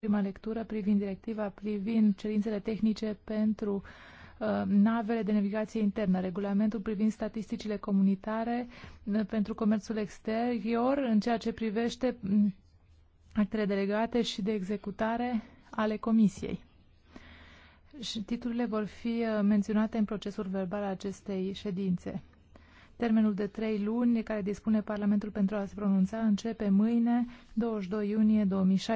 prima lectură privind directiva, privind cerințele tehnice pentru uh, navele de navigație internă, regulamentul privind statisticile comunitare uh, pentru comerțul exterior în ceea ce privește mm, actele delegate și de executare ale Comisiei. Și titlurile vor fi uh, menționate în procesul verbal al acestei ședințe. Termenul de trei luni care dispune Parlamentul pentru a se pronunța începe mâine, 22 iunie 2016.